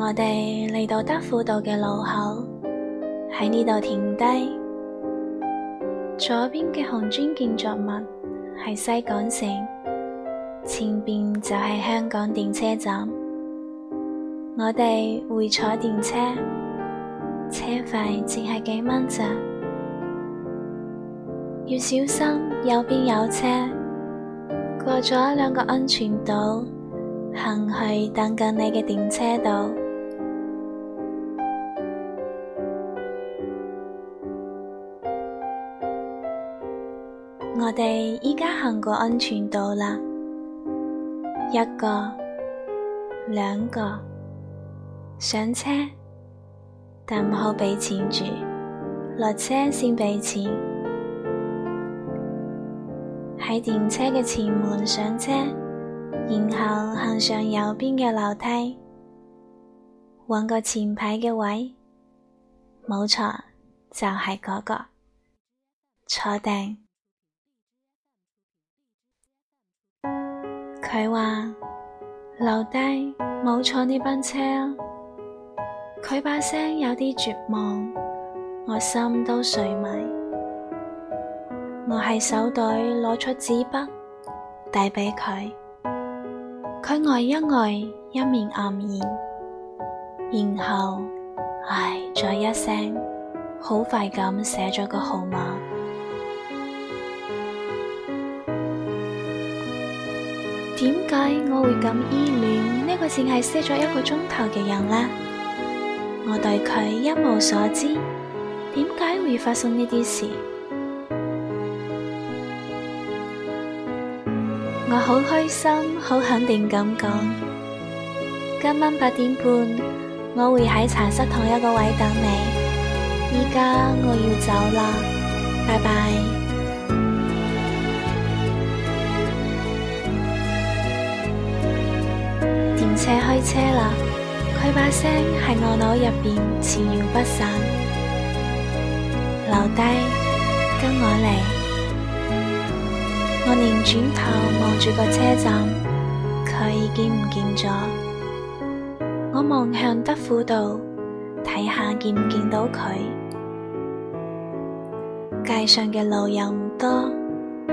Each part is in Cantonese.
我哋嚟到德輔道嘅路口，喺呢度停低。左邊嘅紅磚建築物係西港城，前邊就係香港電車站。我哋會坐電車，車費淨係幾蚊啫。要小心，右邊有車。過咗兩個安全島，行去等緊你嘅電車度。我哋依家行過安全島啦，一個、兩個上車，但唔好俾錢住，落車先俾錢。喺電車嘅前門上車，然後行上右邊嘅樓梯，搵個前排嘅位，冇錯就係嗰個，坐定。佢話留低冇坐呢班車吖，佢把聲有啲絕望，我心都碎埋。我喺手袋攞出紙筆，遞畀佢，佢呆一呆，一面黯然，然後唉咗一聲，好快咁寫咗個號碼。點解我會咁依戀呢個淨係識咗一個鐘頭嘅人呢？我對佢一無所知，點解會發生呢啲事？我好開心，好肯定咁講，今晚八點半我會喺茶室同一個位等你。依家我要走喇，拜拜。車開車喇，佢把聲喺我腦入邊纏繞不散，留低跟我嚟。我擰轉頭望住個車站，佢已經唔見咗。我望向德輔道睇下見唔見到佢，街上嘅路人唔多，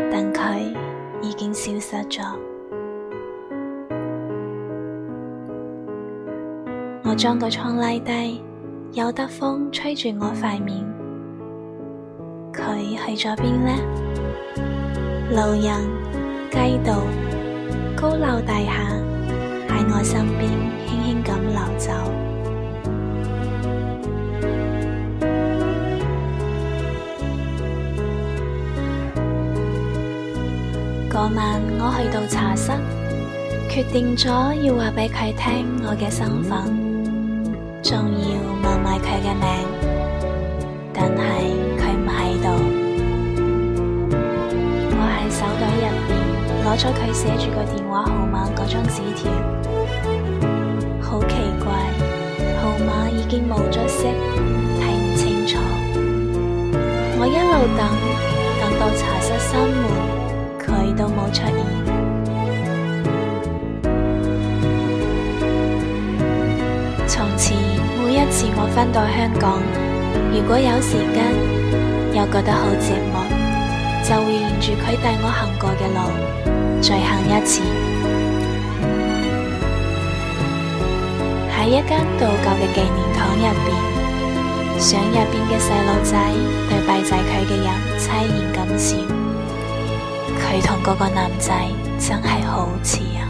但佢已經消失咗。我將個窗拉低，由得風吹住我塊面。佢去咗邊呢？路人、街道、高樓大廈喺我身邊輕輕咁流走。嗰 晚我去到茶室，決定咗要話畀佢聽我嘅身份。仲要問埋佢嘅名，但係佢唔喺度。我喺手袋入邊攞咗佢寫住個電話號碼嗰張紙條，好奇怪，號碼已經冇咗色，睇唔清楚。我一路等，等到茶室閂門，佢都冇出現。返到香港，如果有時間又覺得好寂寞，就會沿住佢帶我行過嘅路再行一次。喺 一間道教嘅紀念堂入邊，相入邊嘅細路仔對拜祭佢嘅人淒然咁笑，佢同嗰個男仔真係好似啊！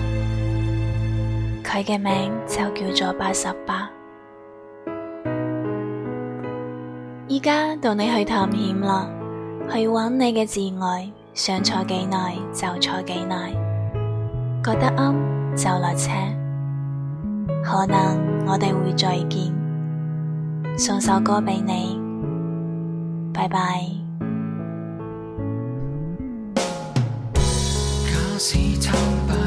佢嘅名就叫做八十八。而家到你去探險啦，去揾你嘅摯愛，想坐幾耐就坐幾耐，覺得啱就落車。可能我哋會再見，送首歌畀你，拜拜。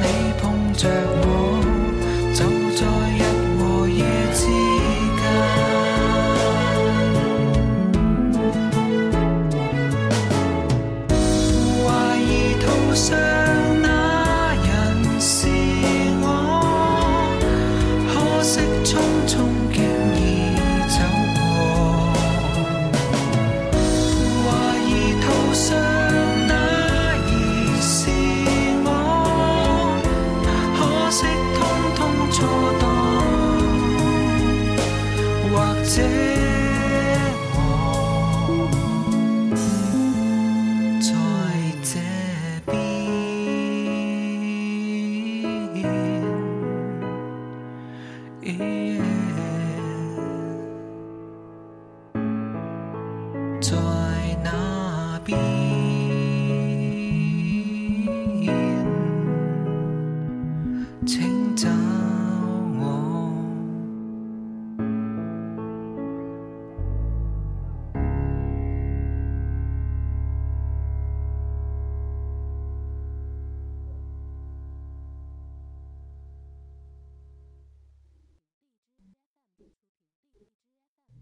你碰著我。